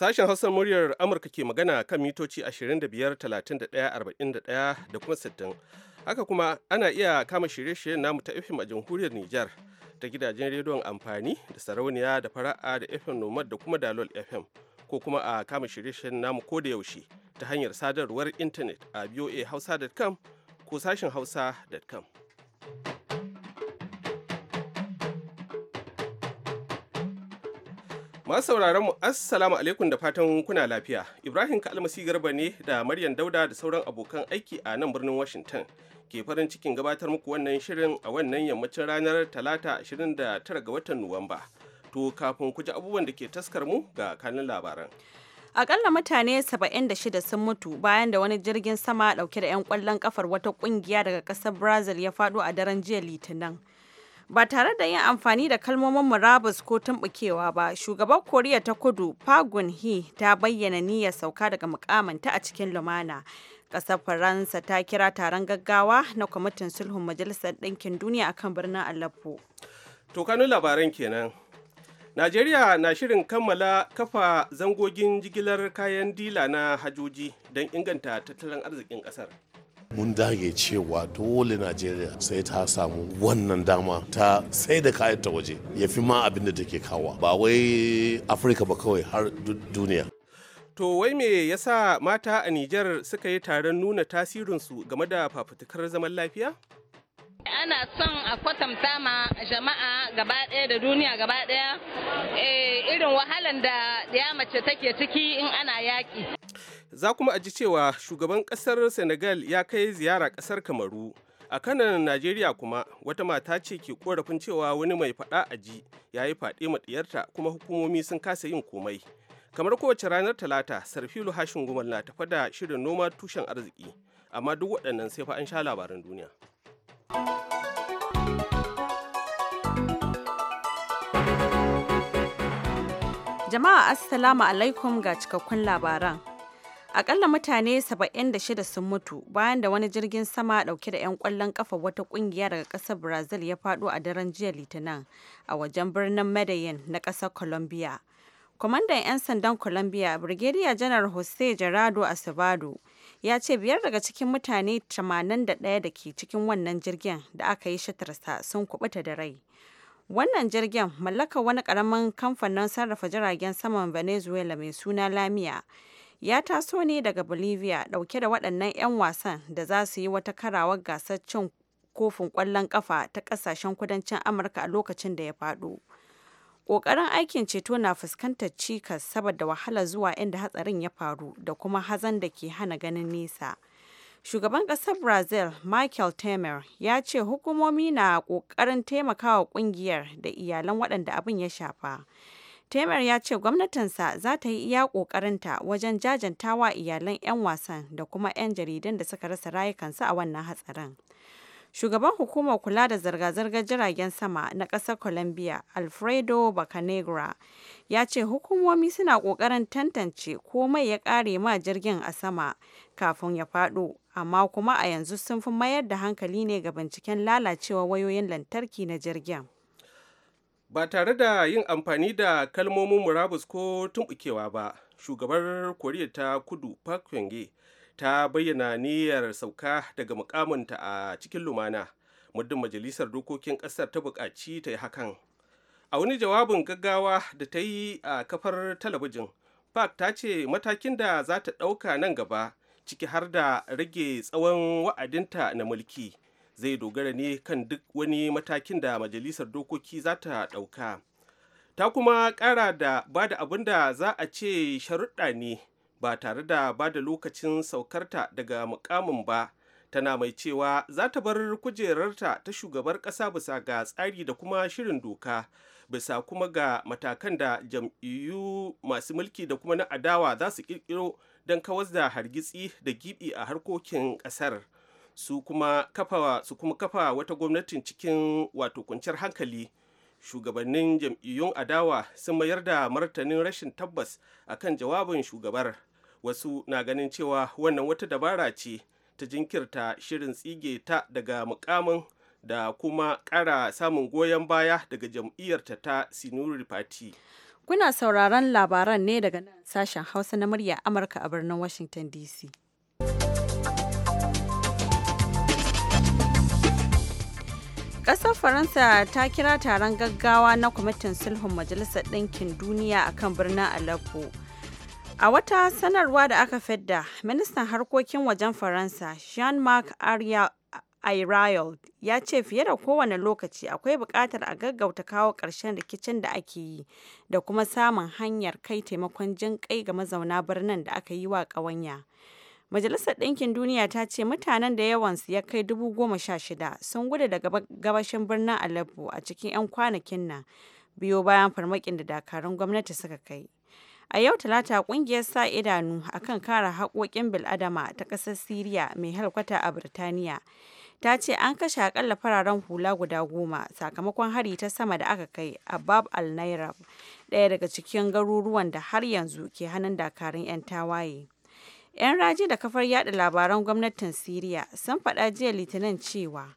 Sashen Hausar muryar Amurka ke magana kan mitoci 25, 31, 41 da kuma 60. Haka kuma ana iya kama shirye-shiryen namu ta FM a jamhuriyar Nijar ta gidajen rediyon amfani da sarauniya da fara'a da FM Nomad da kuma Dalol FM ko kuma a kama shirye-shiryen namu ko da yaushe ta hanyar sadarwar intanet a hausa.com ko sashen hausa.com. Masu sauraronmu, mu assalamu alaikum da fatan kuna lafiya. Ibrahim Kalmasi Garba ne da Maryam Dauda da sauran abokan aiki a nan birnin Washington. Ke farin cikin gabatar muku wannan shirin a wannan yammacin ranar Talata 29 ga watan Nuwamba. To kafin ku ji abubuwan da ke taskar mu ga kanin labaran. Akalla mutane 76 sun mutu bayan da wani jirgin sama dauke da 'yan kwallon kafar wata kungiya daga kasar Brazil ya faɗo a daren jiya Litinin. ba tare da yin amfani da kalmomin murabus ko tumbukewa ba shugaban koriya ta kudu pagun he ta bayyana niyyar sauka daga mukamanta a cikin lumana ƙasar faransa ta kira taron gaggawa na kwamitin sulhun majalisar ɗinkin duniya akan birnin aleppo to kanun labaran kenan najeriya na shirin kammala kafa zangogin jigilar kayan dila na hajoji don inganta tattalin arzikin ƙasar mun dage cewa dole najeriya sai ta samu wannan dama ta sai da kayan ta waje ya fi ma abin da take kawo. ba wai afirka ba kawai har duniya To wai me yasa mata a Nijar suka yi taron nuna tasirinsu game da fafutukar zaman lafiya? Ana son a kwatanta ma jama'a gaba ɗaya da duniya gaba ɗaya eh, irin wahalan da ya mace take ciki in ana yaƙi. za kuma a ji cewa shugaban kasar senegal ya kai ziyara kasar kamaru a kanan najeriya kuma wata mata ce ke korafin cewa wani mai faɗa a ji ya yi faɗi maɗiyarta kuma hukumomi sun kasa yin komai kamar kowace ranar talata sarfilu hashin gumal na tafa da shirin noma tushen arziki amma duk waɗannan sai fa an sha labaran duniya jama'a assalamu alaikum ga cikakkun labaran Akalla mutane 76 sun mutu bayan da wani jirgin sama dauke da 'yan kwallon kafa wata kungiya daga kasar Brazil ya fado a daren jiya Litinin a wajen birnin Medellin na kasar Colombia. Kwamandan 'yan sandan Colombia, Brigadier Janar Jose Gerardo Acevedo, ya ce biyar daga cikin mutane 81 da ke cikin wannan jirgin da aka yi shatarsa sun kubuta da rai. Wannan jirgin mallakar wani karamin kamfanin sarrafa jiragen saman Venezuela mai suna Lamia ya taso ne daga bolivia dauke da waɗannan 'yan wasan da za su yi wata karawar gasar cin kofin ƙwallon ƙafa ta ƙasashen kudancin amurka a lokacin da ya faɗo ƙoƙarin aikin ceto na fuskantar cikas saboda wahala zuwa inda hatsarin ya faru da kuma hazan da ke hana ganin nesa shugaban ƙasar brazil michael temer ya ce hukumomi na ƙoƙarin taimakawa ƙungiyar da iyalan waɗanda abin ya shafa Temer ya ce gwamnatinsa za ta yi iya ƙoƙarinta wajen jajantawa iyalan 'yan wasan da kuma 'yan jaridan da suka rasa rayukansu a wannan hatsarin. Shugaban hukumar kula da zirga-zirgar jiragen sama na ƙasar Colombia, Alfredo Bacanegra, ya ce hukumomi suna ƙoƙarin tantance komai ya ƙare ma jirgin a sama kafin ya faɗo, amma kuma a yanzu sun fi mayar da hankali ne ga binciken lalacewa wayoyin lantarki na jirgin. ba tare da yin amfani da kalmomin murabus ko tumbukewa ba shugabar koriya ta kudu park yonge ta bayyana niyyar sauka daga mukaminta a cikin lumana muddin majalisar dokokin kasar ta buƙaci ta yi hakan a wani jawabin gaggawa da ta yi a kafar talabijin park ta ce matakin da za ta ɗauka nan gaba ciki har da rage tsawon wa'adinta na mulki zai dogara ne kan duk wani matakin da majalisar dokoki za ta ɗauka ta kuma ƙara da ba da abin da za a ce sharuɗa ne ba tare da ba da lokacin saukarta daga mukamin ba tana mai cewa za ta bar kujerarta ta shugabar ƙasa bisa ga tsari da kuma shirin doka bisa kuma ga matakan da jam'iyyu masu mulki da kuma na adawa za su ƙirƙiro don kawar da hargitsi da gibi a harkokin ƙasar. su kuma kafa su kuma kafa wata gwamnatin cikin wato kwanciyar hankali shugabannin jam'iyyun adawa sun mayar da martanin rashin tabbas akan jawabin shugabar wasu na ganin cewa wannan wata dabara ce ta jinkirta shirin tsige ta daga mukamin da kuma ƙara samun goyon baya daga jam'iyyarta ta sinuri party kuna sauraron labaran ne daga nan sashen hausa na murya amurka a birnin washington dc kasar Faransa ta kira taron gaggawa na kwamitin sulhun Majalisar Ɗinkin Duniya a kan birnin Aleppo. A wata sanarwa da aka fidda, ministan harkokin wajen Faransa Jean-Marc Ayrayol ya ce fiye da kowane lokaci akwai buƙatar a gaggauta kawo ƙarshen rikicin da ake yi da kuma samun hanyar kai taimakon jin kai ga mazauna birnin da aka yi wa ƙawanya. Majalisar Ɗinkin Duniya ta ce mutanen da yawan su ya kai dubu goma sha shida sun gudu daga gabashin birnin Aleppo a cikin 'yan kwanakin nan biyo bayan farmakin da dakarun gwamnati suka kai. A yau Talata kungiyar sa idanu akan kare haƙoƙin bil'adama ta ƙasar Siriya mai halkwata a Birtaniya ta ce an kashe aƙalla fararen hula guda goma sakamakon hari ta sama da aka kai a Bab al-Nairab, ɗaya daga cikin garuruwan da har yanzu ke hannun dakarun 'yan tawaye. 'Yan raji da kafar yada labaran gwamnatin Siriya sun faɗa jiya Litinin cewa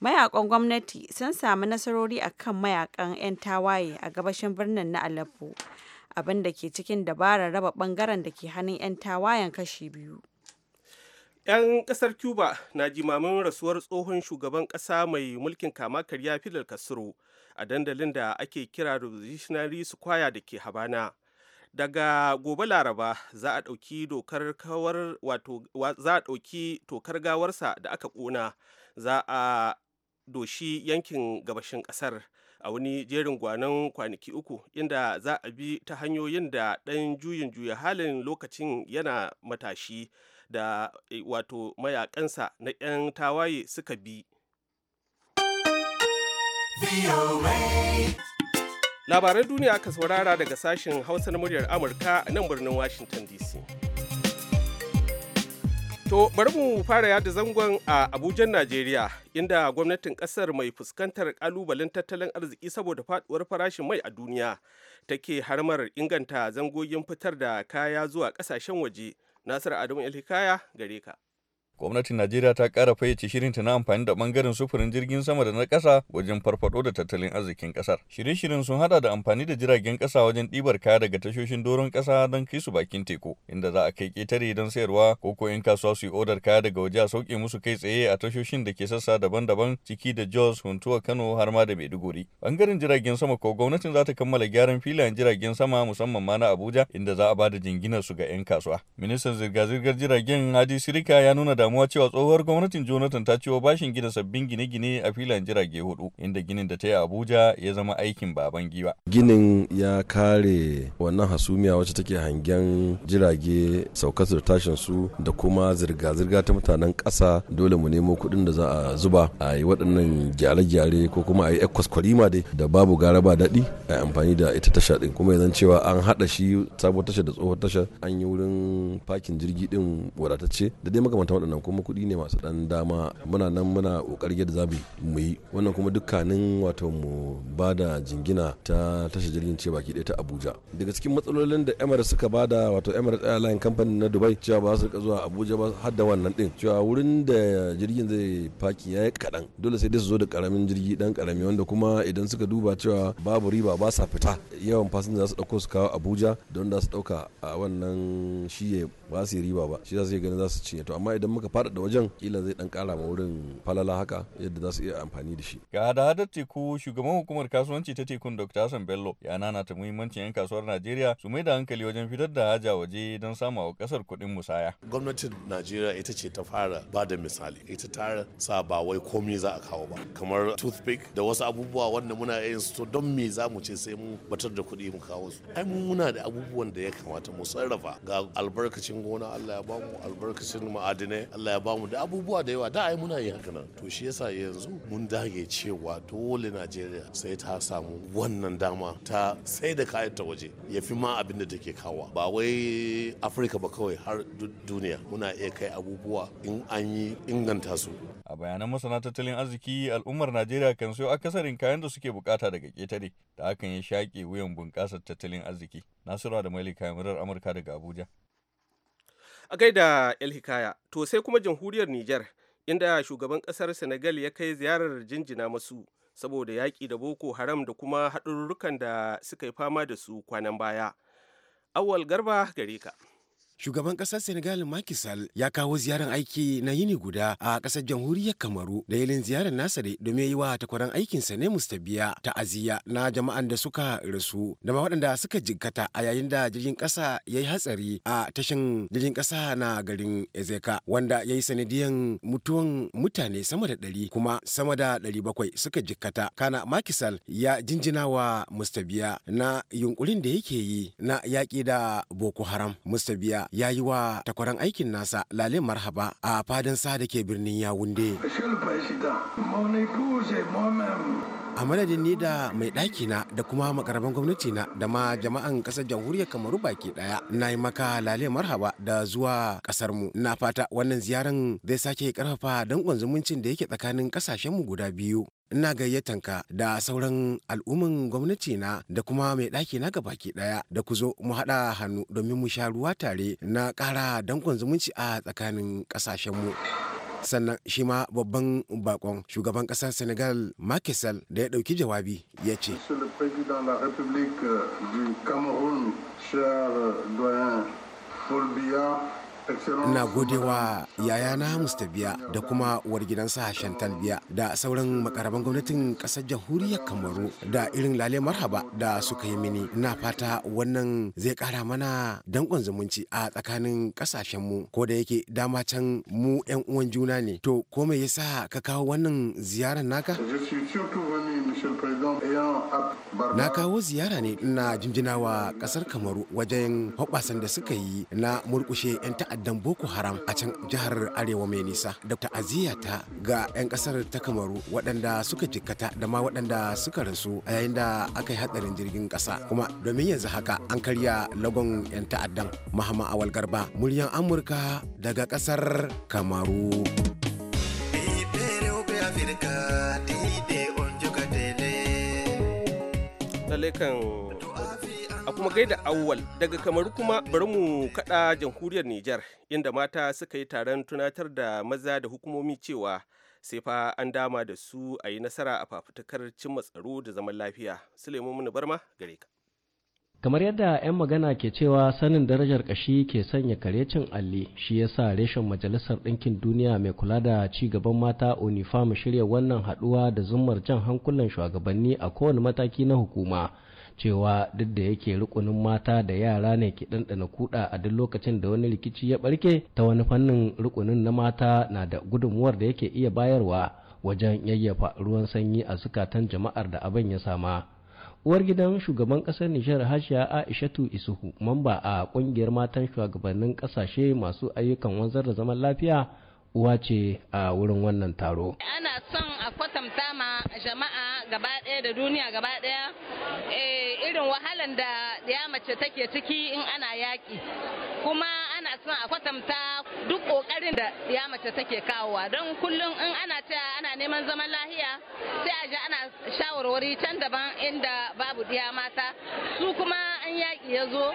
mayakan gwamnati sun sami nasarori a kan mayakan 'yan tawaye a gabashin birnin na Aleppo, abin da ke cikin dabarar raba bangaren da ke hannun 'yan tawayen kashi biyu. 'Yan ƙasar Cuba na jimamin rasuwar tsohon shugaban ƙasa mai mulkin kama karya Fidel Castro a dandalin da ake kira Revolutionary Square da ke Habana. daga gobe laraba za a ɗauki dokar kawar wato za a ɗauki tokar gawarsa da aka ƙona za a doshi yankin gabashin ƙasar a wani jerin gwanon kwanaki uku inda za a bi ta hanyoyin da ɗan juyin juya halin lokacin yana matashi da eh, wato mayakansa na 'yan tawaye suka bi. labaran duniya aka saurara daga sashen hausa na muryar amurka a nan birnin washington dc to bari mu fara yada zangon a abujan najeriya inda gwamnatin kasar mai fuskantar kalubalen tattalin arziki saboda faduwar farashin mai a duniya take harmar inganta zangogin fitar da kaya zuwa kasashen waje nasir adamu ilhikaya gare ka gwamnatin najeriya ta kara fayyace shirinta na amfani da bangaren sufurin jirgin sama da na kasa wajen farfado da tattalin arzikin ƙasar shirye-shiryen sun hada da amfani da jiragen kasa wajen ɗibar kaya daga tashoshin doron kasa don kai su bakin teku inda za a kai ƙetare don sayarwa ko ko 'yan kasuwa su yi odar kaya daga waje a sauke musu kai tsaye a tashoshin da ke sassa daban-daban ciki da jos huntuwa kano har ma da maiduguri bangaren jiragen sama ko gwamnatin za ta kammala gyaran filayen jiragen sama musamman ma na abuja inda za a ba da jinginar su ga 'yan kasuwa ministan zirga-zirgar jiragen hadi sirika ya nuna da damuwa cewa tsohuwar gwamnatin Jonathan ta ciwo bashin gina sabbin gine-gine a filan jirage hudu inda ginin da ta yi Abuja ya zama aikin baban giwa. Ginin ya kare wannan hasumiya wacce take hangen jirage saukar da tashin su da kuma zirga-zirga ta mutanen ƙasa dole mu nemo kuɗin da za a zuba a yi waɗannan gyare-gyare ko kuma a yi kwaskwarima dai da babu gara ba daɗi a amfani da ita tasha ɗin kuma yanzu cewa an haɗa shi sabuwar tasha da tsohuwar tasha an yi wurin fakin jirgi ɗin wadatacce da dai makamantan waɗannan wannan kuma kuɗi ne masu ɗan dama muna nan muna ƙoƙari yadda za mu yi wannan kuma dukkanin wato mu bada jingina ta tashar jirgin ce baki ɗaya ta abuja daga cikin matsalolin da emirates suka ba da wato emirates airline company na dubai cewa ba su zuwa abuja ba har da wannan ɗin cewa wurin da jirgin zai faki ya yi kaɗan dole sai dai su zo da ƙaramin jirgi dan ƙarami wanda kuma idan suka duba cewa babu riba ba sa fita yawan fasinja za su ɗauko su kawo abuja don da su ɗauka a wannan shi ba su yi riba ba shi za su yi ganin za su cinye to amma idan muka aka da wajen kila zai ɗan kara ma wurin falala haka yadda za su iya amfani da shi. Ga da hadar teku shugaban hukumar kasuwanci ta tekun Dr. Hassan Bello ya ta muhimmancin 'yan kasuwar Najeriya su mai da hankali wajen fitar da haja waje don sama wa kasar kuɗin musaya. Gwamnatin Najeriya ita ce ta fara ba da misali ita ta sa ba wai komai za a kawo ba kamar toothpick da wasu abubuwa wanda muna yin su don me za mu ce sai mu batar da kuɗi mu kawo su. Ai mu muna da abubuwan da ya kamata mu sarrafa ga albarkacin gona Allah ya bamu albarkacin ma'adinai Allah ya bamu da abubuwa da yawa da ai muna yi haka nan to shi yasa yanzu mun dage cewa dole Najeriya sai ta samu wannan dama ta sai da kayan ta waje ya fi ma abin da take kawa ba wai Afirka ba kawai har duniya muna iya kai abubuwa in an yi inganta su a bayanan masana tattalin arziki al'ummar Najeriya kan sayo akasarin kayan da suke bukata daga ketare da hakan ya shaƙe wuyan bunƙasar tattalin arziki Nasiru da Malika Murar Amurka daga Abuja a gaida el hikaya to sai kuma jamhuriyar niger inda shugaban kasar senegal ya kai ziyarar jinjina masu saboda yaƙi da boko haram da kuma haɗururrukan da suka yi fama da su kwanan baya awal garba gare ka Shugaban ƙasar Senegal Makisal ya kawo ziyarar aiki na yini guda a ƙasar jamhuriyar Kamaru da yalin ziyarar nasa ne domin yi wa takwaran aikinsa ne Mustabiya ta'aziyya na jama'an da suka rasu da ma waɗanda suka jikkata a yayin da jirgin ƙasa ya yi hatsari a tashin jirgin ƙasa na garin Ezeka wanda ya yi sanadiyan mutuwan mutane sama da ɗari kuma sama da ɗari bakwai suka jikkata. Kana Makisal ya jinjina wa Mustabiya na yunkurin da yake yi na yaƙi da Boko Haram. Mustabiya ya yi wa takwaran aikin nasa Lale Marhaba a fadin sa da ke birnin Yawunde. a madadin ni da mai ɗaki na da kuma makaraban gwamnati na da ma jama'an ƙasar jamhuriyar kamaru baki ɗaya na yi maka lale marhaba da zuwa ƙasar mu na fata wannan ziyaran zai sake ƙarfafa danƙon zumuncin da yake tsakanin ƙasashen mu guda biyu ina ka da sauran al'umman gwamnati na da kuma mai ɗaki na gabaki ɗaya da ku zo mu haɗa hannu domin mu sha ruwa tare na ƙara danƙon zumunci a tsakanin ƙasashenmu. mu sannan shi ma babban bakon shugaban kasar senegal makisal da ya dauki jawabi ya ce euh, euh, Fulbiya Ina godewa yayana Mustabiya da kuma wargidansa gidansa Hashan Talbiya da sauran makaraban gwamnatin ƙasar jamhuriyar Kamaru da irin lale marhaba da suka yi mini. na fata wannan zai kara mana dankon zumunci a tsakanin ƙasashen mu ko da yake dama can mu yan uwan juna ne. To ko me sa ka kawo wannan ziyarar naka? Na kawo ziyara ne na jinjina wa kasar Kamaru wajen hoɓasan da suka yi na murkushe 'yan ta'addan Boko Haram a can jihar Arewa mai nisa da ta'aziyata ga 'yan kasar ta Kamaru waɗanda suka jikkata da ma waɗanda suka rasu a yayin da aka yi hatsarin jirgin ƙasa kuma domin yanzu haka an karya lagon 'yan ta'addan Mahama Awal Garba muryan Amurka daga kasar Kamaru. Afirka. kan a kuma gaida awwal daga kamaru kuma bari mu kada jamhuriyar Nijar inda mata suka yi taron tunatar da maza da hukumomi cewa sai fa an dama da su a yi nasara a fafutukar cimma tsaro da zaman lafiya. Suleiman Barma gare ka. kamar yadda 'yan magana ke cewa sanin darajar kashi ke sanya kare cin alli shi ya sa reshen majalisar ɗinkin duniya mai kula da ci gaban mata unifam shirya wannan haɗuwa da zumar jan hankulan shugabanni a kowane mataki na hukuma cewa duk da yake rukunin mata da yara ne ke ɗanɗana kuɗa a duk lokacin da wani rikici ya ɓarke ta wani fannin rukunin na mata na da gudunmuwar da yake iya bayarwa wajen yayyafa ruwan sanyi a zukatan jama'ar da abin ya sama uwar gidan shugaban kasar nijar hajiya aishatu isuhu mamba a kungiyar matan shugabannin kasashe masu ayyukan wanzar da zaman lafiya uwa ce a wurin wannan taro ana son a kwatanta ma jama'a gaba ɗaya da duniya gaba ɗaya eh, irin wahalan da ya mace take ciki in ana yaƙi kuma ana son a kwatanta duk kokarin da ya mace take kawowa don kullum in ana ta ana neman zaman lahiya sai a ji ana shawarwari can daban inda babu diya mata su kuma an yaƙi ya zo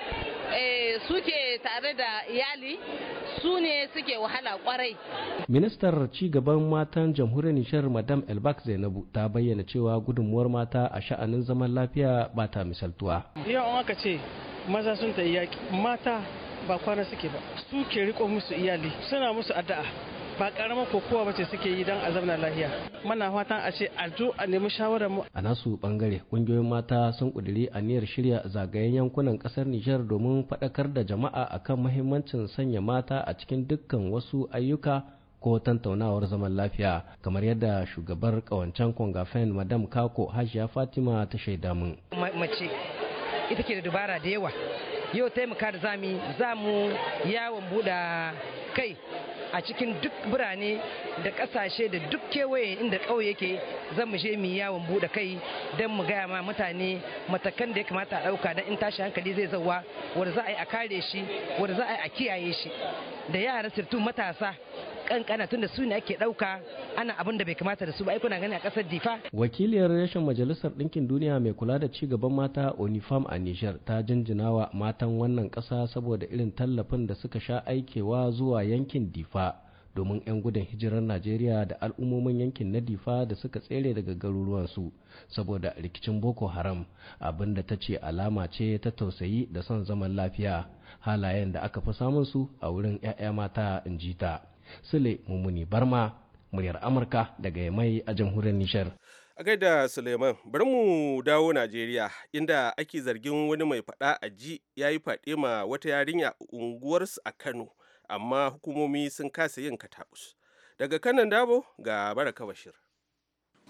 eh, suke tare da iyali su ne suke wahala kwarai. Ministar cigaban matan jamhuriyar Nishar Madam Elbak Zainabu ta bayyana cewa gudunmuwar mata a sha'anin zaman lafiya ba ta misaltuwa. Yau an aka ce maza sun ta yaƙi mata ba kwana suke ba su ke riko musu iyali suna musu addu'a ba karamar kokowa bace suke yi don azabna lahiya mana fatan a ce a zo a nemi shawarar mu a nasu bangare kungiyoyin mata sun kuduri aniyar shirya zagayen yankunan kasar Nijar domin faɗakar da jama'a akan mahimmancin sanya mata a cikin dukkan wasu ayyuka ko tantaunawar zaman lafiya kamar yadda shugabar kawancen kongafen madam kako hajiya fatima ta shaida mun mace ita ke da dubara da yawa yau taimaka da zami za mu yawon buɗa kai a cikin duk birane da kasashe da duk kewaye inda ƙauye yake zan mu je mu yawon buɗe kai don mu gaya ma mutane matakan da ya kamata a ɗauka don in tashi hankali zai zauwa wanda za a yi a kare shi wanda za a yi a kiyaye shi da yara sirtu matasa kankana tunda su ne ake ɗauka ana abin da bai kamata da su ba kuna gani a ƙasar difa wakiliyar rashin majalisar ɗinkin duniya mai kula da ci gaban mata onifam a nijar ta jinjinawa matan wannan kasa saboda irin tallafin da suka sha aikewa zuwa yankin difa domin 'yan gudun hijirar najeriya da al'ummomin yankin na difa da suka tsere daga garuruwansu saboda rikicin boko haram abinda ta ce alama ce ta tausayi da son zaman lafiya halayen da aka fi samun su a wurin 'ya'ya mata in ji ta sule mummuni barma muryar amurka daga yamai a jamhuriyar nishar a gaida suleiman bari mu dawo najeriya inda ake zargin wani mai fada a ji ya yi faɗe ma wata yarinya unguwarsu a kano amma hukumomi sun kasa yin katakus daga kanan dabo ga baraka bashir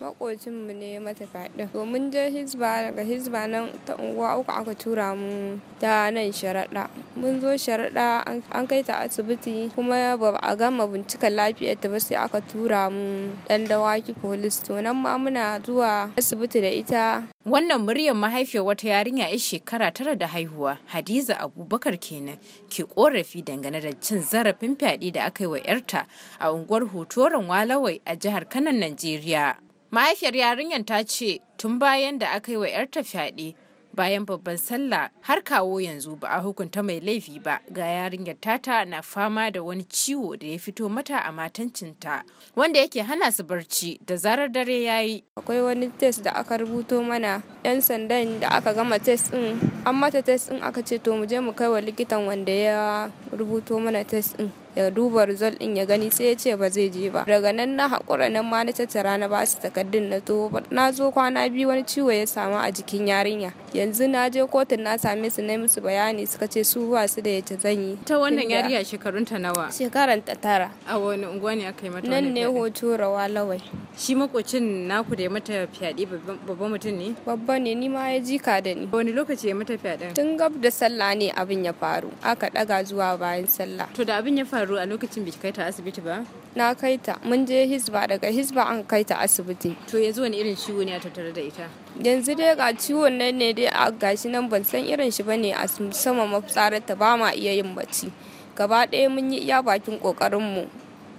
makocinmu ne mata to mun je hizba daga hizba nan ta unguwa uku aka tura mu ta nan sharaɗa mun zo sharaɗa an kai ta asibiti kuma ba a gama binciken lafiyar ta ba sai aka tura mu ɗan dawaki polis to nan ma muna zuwa asibiti da ita wannan muryar mahaifiyar wata yarinya ya shekara tara da haihuwa hadiza abubakar kenan ke korafi dangane da cin zarafin fyaɗe da aka yi wa 'yarta a unguwar hotoron walawai a jihar kanan najeriya mahaifiyar yarinyar ta ce tun bayan da aka yi wa 'yarta fyaɗe bayan babban sallah har kawo yanzu ba a hukunta mai laifi ba ga yarinyar tata na fama da wani ciwo da ya fito mata a matancinta wanda yake hana su barci da zarar dare ya yi akwai wani test da aka rubuto mana yan sandan da aka gama test din an mata test din aka ce to mu je mu kai wa likitan wanda ya rubuto mana test din ya duba result din ya gani sai ya ce ba zai je ba daga nan na hakura nan ma na tattara na basu takardun na to na zo kwana biyu wani ciwo ya samu a jikin yarinya yanzu na je kotun na same su na musu bayani suka ce su ba su da yace zan yi ta wannan yarinya shekarun ta nawa shekaran ta tara a wani unguwa ne aka yi mata nan ne hoto rawa lawai shi makocin naku da ya mata fyaɗe babban mutum ne babba ne ni ma ya ka da ni wani lokaci ya mata fyaɗe. tun gab da sallah ne abin ya faru aka ɗaga zuwa bayan sallah to da abin ya faru faru a lokacin bai kai ta asibiti ba? Na kai ta, mun je hisba daga hisba an kai ta asibiti. To yanzu wani irin ciwo ne a tattare da ita? Yanzu dai ga ciwon nan ne dai a gashi nan ban san irin shi ba ne a sama mafitsararta ba ma iya yin bacci. Gaba ɗaya mun yi iya bakin ƙoƙarinmu.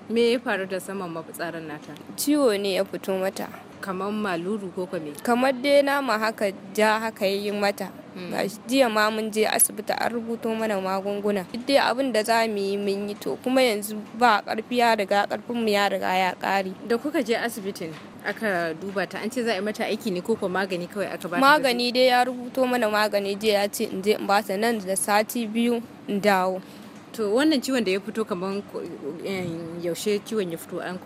Me ya faru da saman mafitsarar nata? Ciwo ne ya fito mata. kamar maluru ko kame kamar dai nama haka ja haka yi mata mm. jiya ma mun je asibiti an rubuto mana magunguna duk dai abin da za mu yi mun yi to kuma yanzu ba karfi ya riga karfin mu ya riga ya kare da kuka je asibitin aka duba ta an ce za a yi mata aiki ne ko magani kawai aka ba magani dai ya rubuto mana magani jiya ya ce in je in ba ta nan da sati biyu in dawo to wannan ciwon da ya fito kamar eh, yaushe ciwon ya fito an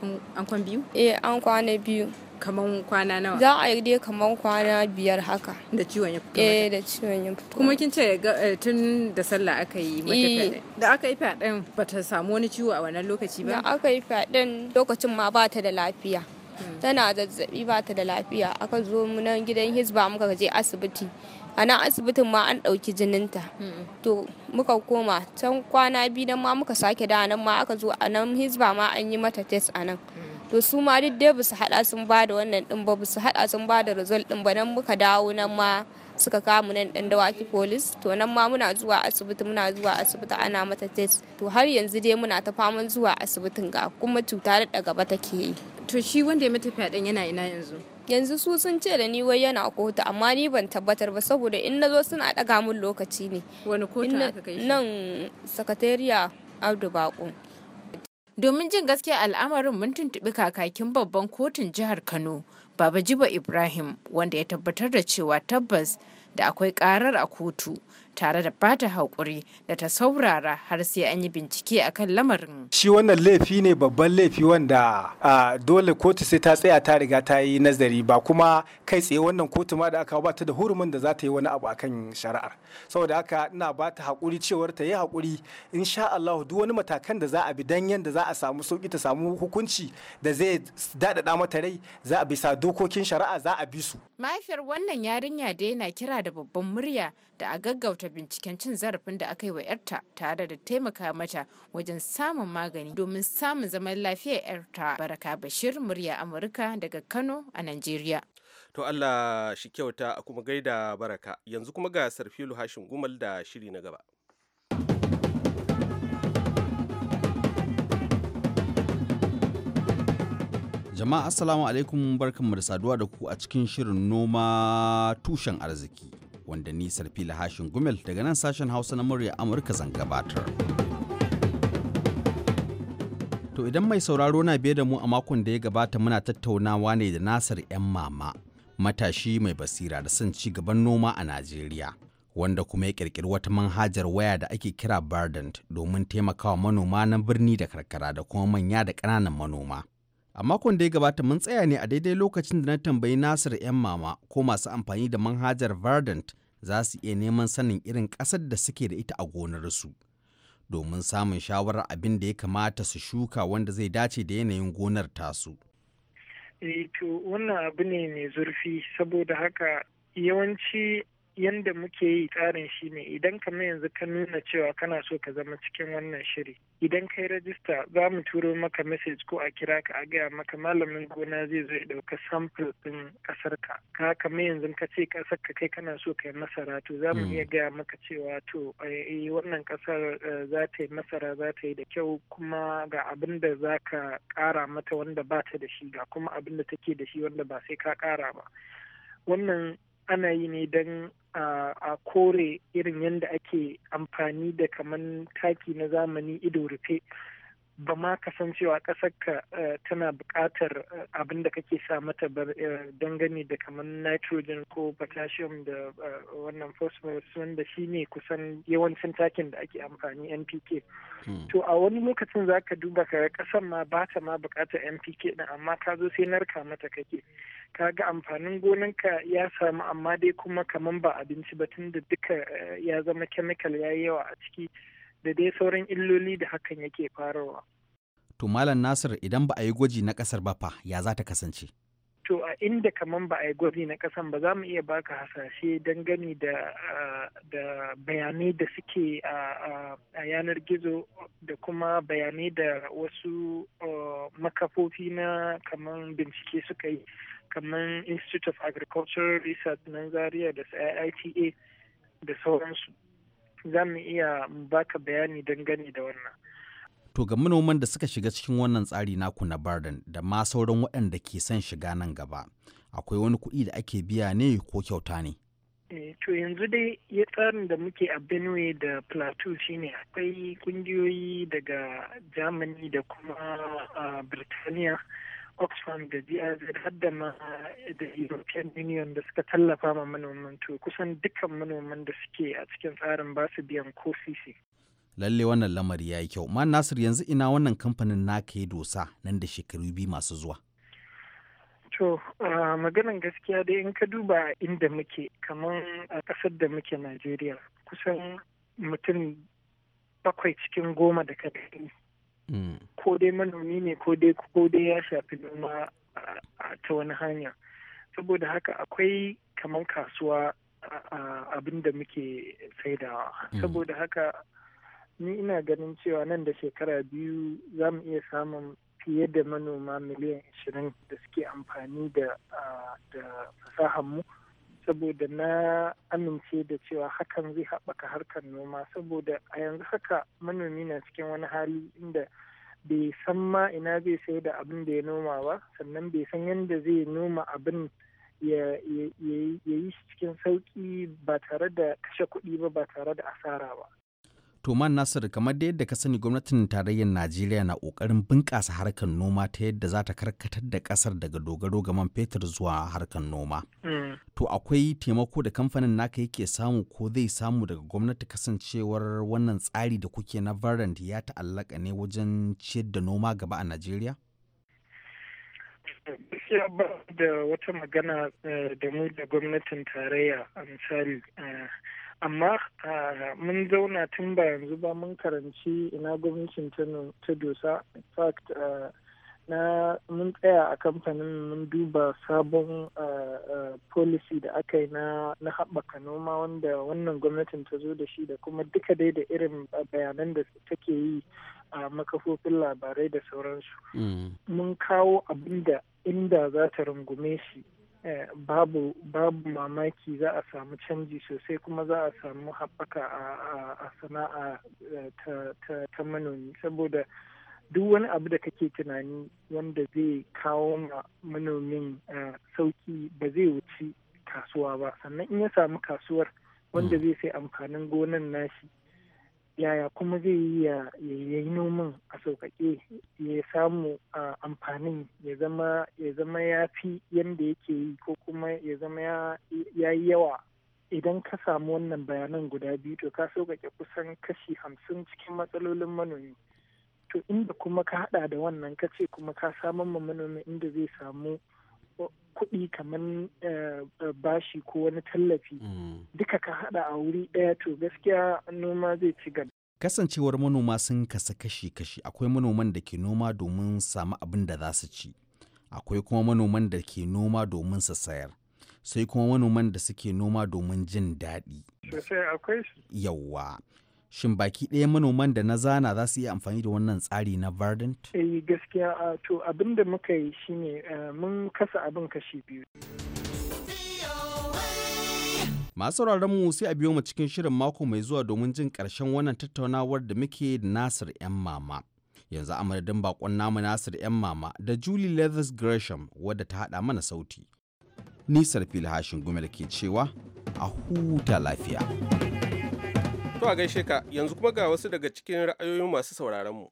kwan biyu eh an kwana biyu kaman kwana nawa za a yi dai kaman kwana biyar haka da ciwon ya fito eh da ciwon ya fito kuma kin ce eh, tun da sallah aka yi mata eh. da aka yi fadin bata samu wani ciwo a wannan lokaci ba da aka yi fadin lokacin ma ba ta da lafiya hmm. tana zazzabi ba ta da lafiya aka zo mu nan gidan hisba muka je asibiti a nan asibitin ma an ɗauki jininta hmm. to muka koma can kwana biyu nan ma muka sake da nan ma aka zo a nan hisba ma an yi mata test a nan hmm. to su ma duk dai basu hada sun ba da wannan din ba basu hada sun ba da result din ba nan muka dawo nan ma suka kamu nan dan dawaki police to nan ma muna zuwa asibiti muna zuwa asibiti ana mata test to har yanzu dai muna ta faman zuwa asibitin ga kuma cuta da gaba take yi to shi wanda ya mata fyaɗen yana ina yanzu yanzu su sun ce da ni wai yana kotu amma ni ban tabbatar ba saboda in na zo suna daga mun lokaci ne wani kotu aka kai nan sakatariya abdu bako Domin jin gaskiya al'amarin mun tuntuɓi kakakin babban kotun jihar Kano, Baba Jibo Ibrahim, wanda ya tabbatar da cewa tabbas da akwai karar a kotu tare da bata haƙuri da ta saurara har sai an yi bincike akan lamarin. Shi wannan laifi ne babban laifi wanda dole kotu sai ta tsaya ta riga ta yi nazari ba kuma kai tsaye wannan kotu ma da aka ba ta da hurumin da za ta yi wani abu akan shari'ar. Saboda haka ina bata ta haƙuri cewar ta yi haƙuri insha Allah duk wani matakan da za a bi dan yanda za a samu sauki ta samu hukunci da zai daɗaɗa mata rai za a bisa dokokin shari'a za a bi su. Mahaifiyar wannan yarinya dai na kira da babban murya da a gaggauta binciken cin zarafin da aka yi wa 'yarta tare da taimaka mata wajen samun magani domin samun zaman lafiya 'yarta. Baraka Bashir, murya Amurka daga Kano a Najeriya. To Allah shi kyauta a kuma gaida baraka. Yanzu kuma ga Sarfilu hashin Gumal da shiri na gaba. Jama'a Assalamu alaikum barkanmu da saduwa da ku a cikin shirin noma tushen arziki. wanda ni sarfila hashin gumel daga nan sashen hausa na murya amurka zan gabatar to idan mai sauraro na biye da mu a makon da ya gabata muna tattaunawa ne da nasar yan mama matashi mai basira da son ci gaban noma a najeriya wanda kuma ya kirkiri wata manhajar waya da ake kira Bardant domin taimakawa manoma na birni da karkara da kuma manya da ƙananan manoma. A makon da ya gabata mun tsaya ne a daidai lokacin da na tambayi Nasir 'yan mama ko masu amfani da manhajar Verdant za su iya neman sanin irin ƙasar da suke da ita a gonarsu. Domin samun shawarar abin da ya kamata su shuka wanda zai dace da yanayin gonar tasu. Eh, to wannan abu ne mai zurfi saboda haka yawanci yanda muke yi tsarin shi ne idan kamar yanzu ka nuna cewa kana so ka zama cikin wannan shiri idan ka yi rajista za mu turo maka message ko a kira ka a gaya maka malamin gona zai zo ya ɗauka sample ɗin ƙasar ka ka kamar yanzu ka ce ƙasar ka kai kana so ka yi masara to za mu hmm. iya gaya maka cewa to eh, wannan ƙasar eh, za ta yi masara za ta yi da kyau kuma ga abin da za ka ƙara mata wanda ba ta da shi ga kuma abin da take da shi wanda ba sai ka ƙara ba wannan ana yi ne don a kore irin yadda ake amfani da kaman taki na zamani ido rufe ba ma kasancewa ka eh, tana bukatar eh, abin da kake sa mata eh, dangane da kamar nitrogen ko potassium da wannan phosphorus wanda shi ne kusan yawancin takin da ake amfani npk hmm. to a wani lokacin za ka duba kare ƙasar ma ba ta ma bukatar npk ɗin amma ka zo sai narka mata kake ka ga amfanin gonanka ya samu amma dai kuma kamar ba abinci ba tun da duka ya zama chemical ya yi yawa a ciki da dai sauran illoli da hakan yake farawa. To Malam Nasir idan ba a yi gwaji na ƙasar ba fa ya za ta kasance? To a inda kaman ba a yi gwaji na ƙasan ba za mu iya baka hasashe dangane da da bayanai da suke a yanar gizo da kuma bayanai da wasu makafofi na kaman bincike suka yi kaman Institute of Agricultural Research na Zaria da IITA da sauransu. za mu iya baka bayani dangane da wannan. To ga manoman da suka shiga cikin wannan tsari naku na Barden da ma sauran waɗanda ke son shiga nan gaba, akwai wani kuɗi da ake biya ne ko kyauta ne? Eh, to yanzu dai ya tsarin da muke a Benue da Plateau shine akwai kungiyoyi daga Germany da kuma ah, Birtaniya. oxfam da DRZ, har ma da european union da suka tallafa ma manoman to kusan dukkan manoman da suke a cikin tsarin ba su biyan ko sisi lalle wannan lamari ya yi kyau ma nasir yanzu ina wannan kamfanin naka ya dosa nan da shekaru biyu masu zuwa To, a maganan gaskiya dai in ka duba inda muke, kamar a ƙasar da muke Najeriya, kusan mutum bakwai cikin goma da ka ko dai manomi ne ko dai ko dai ya shafi noma ta wani hanya saboda haka akwai kamar kasuwa abin da muke saidawa hmm. saboda haka ni ina ganin cewa nan da shekara biyu za mu iya samun fiye da manoma miliyan 20 da suke amfani da fasahar mu saboda na amince da cewa hakan zai haɓaka harkar noma saboda a yanzu haka manomi na cikin wani hali inda bai san ma ina zai sayar da abin da ya noma ba sannan bai san yadda zai noma abin ya yi shi cikin sauƙi ba tare da kashe kuɗi ba ba tare da asara ba Toman Nasir kamar da yadda ka sani gwamnatin tarayyar Najeriya na ƙoƙarin bunƙasa harkar noma ta yadda za ta karkatar da ƙasar daga dogaro ga man fetur zuwa harkar noma. Mm. To akwai taimako da kamfanin naka yake samu ko zai samu daga gwamnati kasancewar wannan tsari da kuke na Varant ya ta'allaka ne wajen ciyar da noma gaba a Najeriya? Gaskiya da wata magana eh, da mu da gwamnatin tarayya a misali eh, amma mun zauna tun ba yanzu ba mun karanci ina gwamnatin ta dosa in fact na mun tsaya a kamfanin mun duba sabon policy da aka yi na haɓaka noma wanda wannan gwamnatin ta zo da shi da kuma duka dai da irin bayanan da take yi a makafofin labarai da sauransu mm. mun kawo abinda inda za ta rungume shi Eh, babu babu mamaki za a samu canji sosai kuma za a samu haɓaka a sana'a eh, ta manomi saboda duk wani abu da kake tunani wanda zai kawo manomin eh, sauki ba zai wuce kasuwa ba sannan in ya samu kasuwar wanda mm. zai sai amfanin gonan nashi yaya kuma zai yi ya yi noman a sauƙaƙe ya samu amfanin ya zama ya fi yadda yake yi ko kuma ya zama ya yi yawa idan ka samu wannan bayanan guda biyu to ka sauƙaƙe kusan kashi hamsin cikin matsalolin manomi to inda kuma ka haɗa da wannan ka ce kuma ka samar ma manomi inda zai samu kuɗi kamar eh, bashi ko wani tallafi mm. duka ka haɗa a wuri ɗaya to gaskiya noma zai ci gaba. Kasancewar manoma sun kasa kashi-kashi akwai manoman da ke noma domin samu abin da za su ci, akwai kuma manoman da ke noma domin su sayar, sai kuma manoman da suke noma domin jin daɗi. Sosai akwai su. Yawwa. shin baki ɗaya manoman da na zana za su iya amfani da wannan tsari na verdant? eh gaskiya to abin da muka yi shine eh, mun kasa abin kashi biyu masu mu sai a biyo mu cikin shirin mako mai zuwa domin jin ƙarshen wannan tattaunawar da muke da nasir 'yan mama yanzu a madadin bakon namu nasir 'yan mama da julie leathers gresham wadda ta haɗa mana sauti nisar filhashin gumel ke cewa a huta lafiya. To a gaishe ka yanzu kuma ga wasu daga cikin ra'ayoyin masu sauraron mu.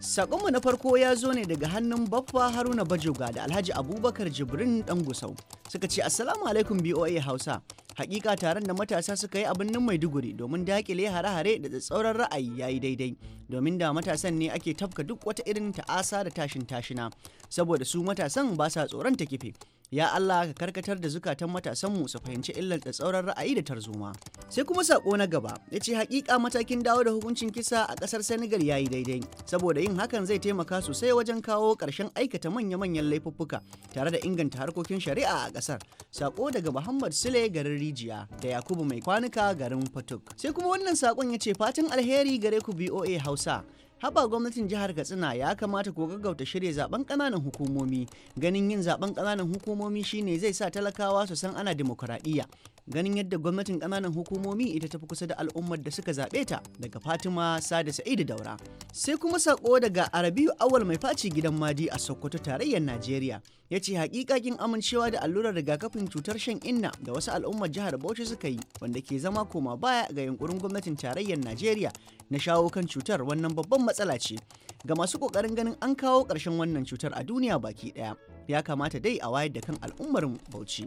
Sakonmu na farko ya zo ne daga hannun Baffa Haruna Bajoga da Alhaji Abubakar Jibrin dan Gusau. Suka ce Assalamu alaikum BOA Hausa. Hakika taron da matasa suka yi a birnin Maiduguri domin dakile hare-hare da tsauran ra'ayi yayi daidai. Domin da matasan ne ake tafka duk wata irin ta'asa da tashin tashina. Saboda su matasan ba sa tsoron ta kife. ya Allah ka karkatar da zukatan matasanmu su fahimci illar tsatsauran ra'ayi da tarzoma sai kuma sako na gaba ya ce hakika matakin dawo da hukuncin kisa a kasar Senegal ya yi daidai saboda yin hakan zai taimaka sosai wajen kawo karshen aikata manya-manyan laifuffuka tare da inganta harkokin shari'a a kasar sako daga Muhammad Sule garin Rijiya da Yakubu mai kwanuka garin Fatuk sai kuma wannan sakon ya ce fatan alheri gare ku BOA Hausa haba gwamnatin jihar katsina ya kamata ko gaggauta shirya zaben kananan hukumomi ganin yin zaben kananan hukumomi shine zai sa talakawa su san ana dimokuraɗiya. ganin yadda gwamnatin ƙananan hukumomi ita tafi kusa da al'ummar da suka zaɓe ta daga fatima sada sa'idu daura sai kuma sako daga arabiyu awal mai faci gidan madi a sokoto tarayyar najeriya ya ce hakikakin amincewa da allurar rigakafin cutar shan inna da wasu al'ummar jihar bauchi suka yi wanda ke zama koma baya ga yunkurin gwamnatin tarayyar najeriya na shawo kan cutar wannan babban matsala ce ga masu kokarin ganin an kawo ƙarshen wannan cutar a duniya baki ɗaya ya kamata dai a wayar da kan al'ummar bauchi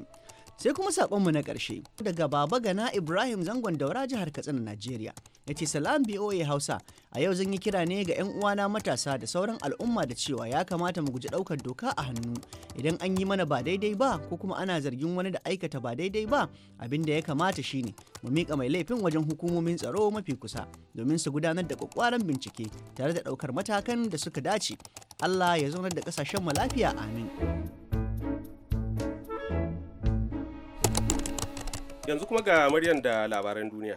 sai kuma saƙonmu na ƙarshe daga baba gana ibrahim zangon daura jihar katsina najeriya ya ce salam boa hausa a yau zan yi kira ne ga 'yan uwana matasa da sauran al'umma da cewa ya kamata mu guji ɗaukar doka a hannu idan an yi mana ba daidai ba ko kuma ana zargin wani da aikata ba daidai ba abin da ya kamata shine mu mika mai laifin wajen hukumomin tsaro mafi kusa domin su gudanar da kwakwaran bincike tare da ɗaukar matakan da suka dace Allah ya zaunar da kasashen mu lafiya amin. Yanzu kuma ga Maryam da labaran duniya.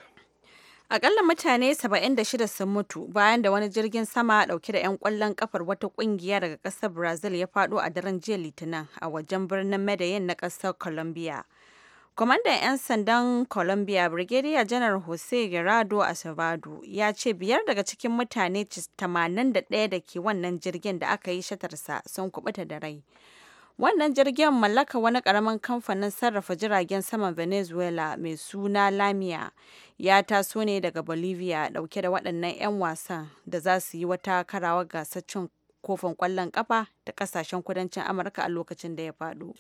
Akalla mutane 76 sun mutu bayan da wani jirgin sama ɗauke da 'yan kwallon kafar wata ƙungiya daga ƙasar Brazil ya faɗo a daren jiya Litinin a wajen birnin Medellin na ƙasar Colombia. Kwamandan 'yan sandan Colombia Brigadier General Jose Gerardo Acevedo ya ce biyar daga cikin mutane 81 da ke wannan jirgin da aka yi shatarsa sun kubuta da rai. Wannan jirgin mallakar wani karamin kamfanin sarrafa jiragen saman Venezuela mai suna Lamia ya taso ne daga Bolivia dauke da waɗannan 'yan wasan da za su yi wata karawar gasar cin kofin ƙwallon ƙafa da ƙasashen kudancin Amurka a lokacin da ya faɗo.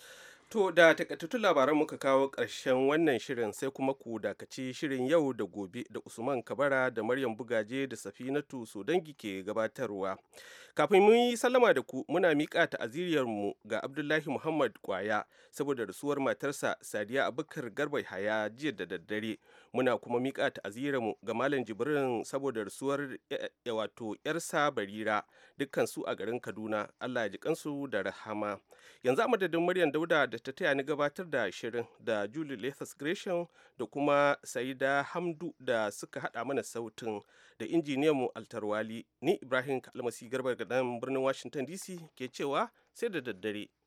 To da takaitattun labaran muka kawo ƙarshen wannan shirin sai kuma ku dakaci shirin yau da gobe da Usman Kabara da Maryam Bugaje da Safinatu Sodangi ke gabatarwa. kafin mun yi sallama da ku muna miƙa mu ga abdullahi muhammad kwaya saboda rasuwar matarsa sadiya abubakar garba haya jiya da daddare muna kuma miƙa mu ga malam jibrin saboda rasuwar wato yarsa barira dukkan su a garin kaduna allah ji kansu da rahama yanzu a madadin muryan dauda da ta taya ni gabatar da shirin da julie lethas gresham da kuma saida hamdu da suka haɗa mana sautin da injiniyanmu altarwali ni ibrahim kalmasi garba daga birnin washington dc ke cewa sai da daddare